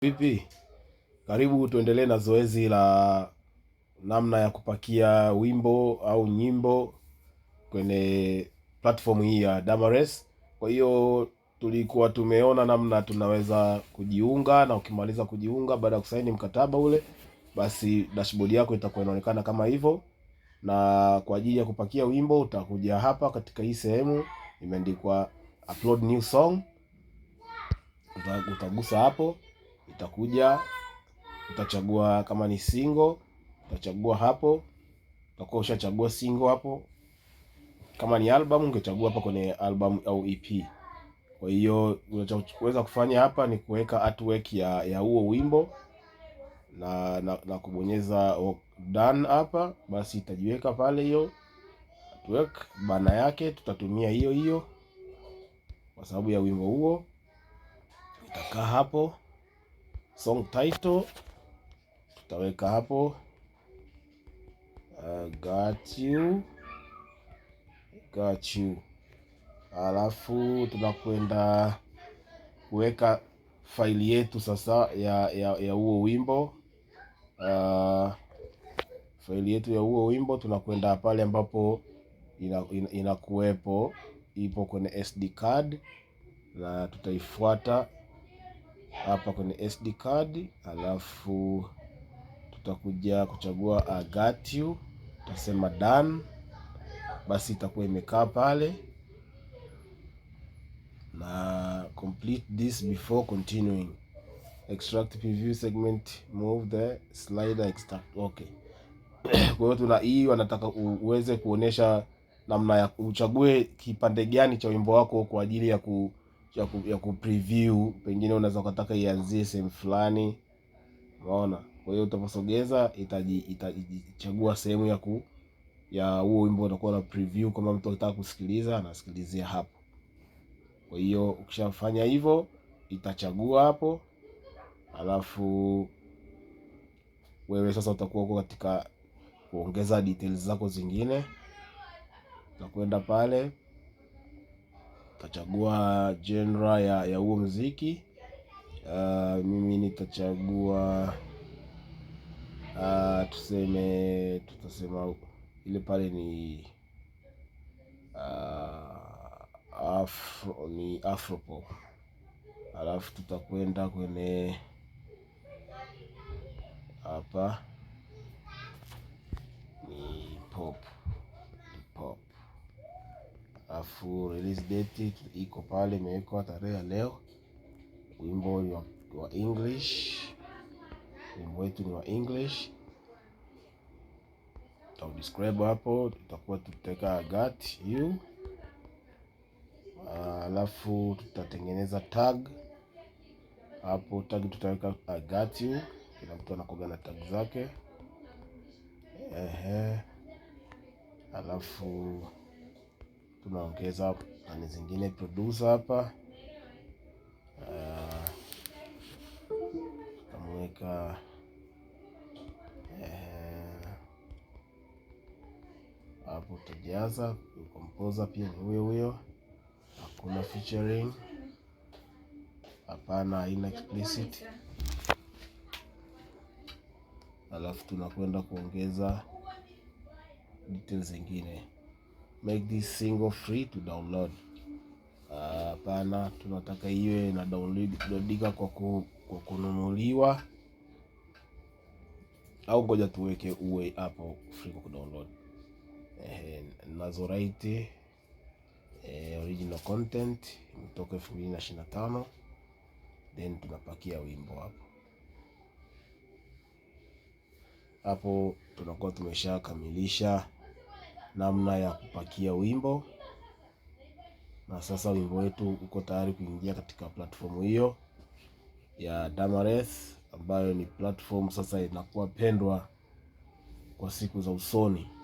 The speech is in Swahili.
Vipi, karibu tuendelee na zoezi la namna ya kupakia wimbo au nyimbo kwenye platform hii ya Damaresi. Kwa hiyo tulikuwa tumeona namna tunaweza kujiunga, na ukimaliza kujiunga baada ya kusaini mkataba ule, basi dashboard yako itakuwa inaonekana kama hivyo, na kwa ajili ya kupakia wimbo utakuja hapa katika hii sehemu imeandikwa upload new song, utagusa hapo itakuja utachagua kama ni single utachagua hapo, utakuwa ushachagua single hapo. Kama ni album ungechagua hapa kwenye album au EP. Kwa hiyo unachoweza kufanya hapa ni kuweka artwork ya ya huo wimbo na, na, na kubonyeza done hapa, basi itajiweka pale hiyo artwork. Bana yake tutatumia hiyo hiyo kwa sababu ya wimbo huo, itakaa hapo song title tutaweka hapo uh, got you got you, alafu tunakwenda kuweka faili yetu sasa ya ya ya huo wimbo uh, faili yetu ya huo wimbo tunakwenda pale ambapo inakuwepo ina, ina ipo kwenye SD card na tutaifuata hapa kwenye SD card, alafu tutakuja kuchagua I got you, tutasema done, basi itakuwa imekaa pale na complete this before continuing extract preview segment move the slider extract. Okay, kwa hiyo tuna hii, wanataka uweze kuonesha namna ya uchague kipande gani cha wimbo wako kwa ajili ya ku ya, ku, ya pengine unaweza ukataka ianzie sehemu fulani, unaona. Kwa hiyo utaposogeza itachagua sehemu ya ku ya huo wimbo utakuwa na preview, kama mtu anataka kusikiliza anasikilizia hapo. Kwa hiyo ukishafanya hivyo itachagua hapo, alafu wewe sasa utakuwa uko katika kuongeza details zako zingine, utakwenda pale tachagua genre ya, ya huo mziki. Uh, mimi nitachagua uh, tuseme tutasema ile pale ni uh, afro, ni afropop. Alafu tutakwenda kwenye hapa alafu release date iko pale, imewekwa tarehe ya leo. Wimbo ni wa English, wimbo wetu ni wa English. Tau describe hapo, tutakuwa tutaweka got you, ah, alafu tutatengeneza tag hapo. Tag tutaweka ah, got you, kila mtu anakoga na tag zake. Ehe, alafu tunaongeza tani zingine producer hapa tutamweka ah, eh, hapo, utajaza composer pia ni huyo huyo, hakuna featuring hapana, haina explicit. Alafu tunakwenda kuongeza details zingine make this single free to download. Hapana, uh, tunataka iwe na downloadika kwa, ku, kwa kununuliwa au ngoja tuweke uwe hapo free kwa kudownload. Eh, nazo right eh, original content imetoka 2025 then tunapakia wimbo hapo hapo, tunakuwa tumeshakamilisha namna ya kupakia wimbo, na sasa wimbo wetu uko tayari kuingia katika platform hiyo ya Damareth ambayo ni platform sasa inakuwa pendwa kwa siku za usoni.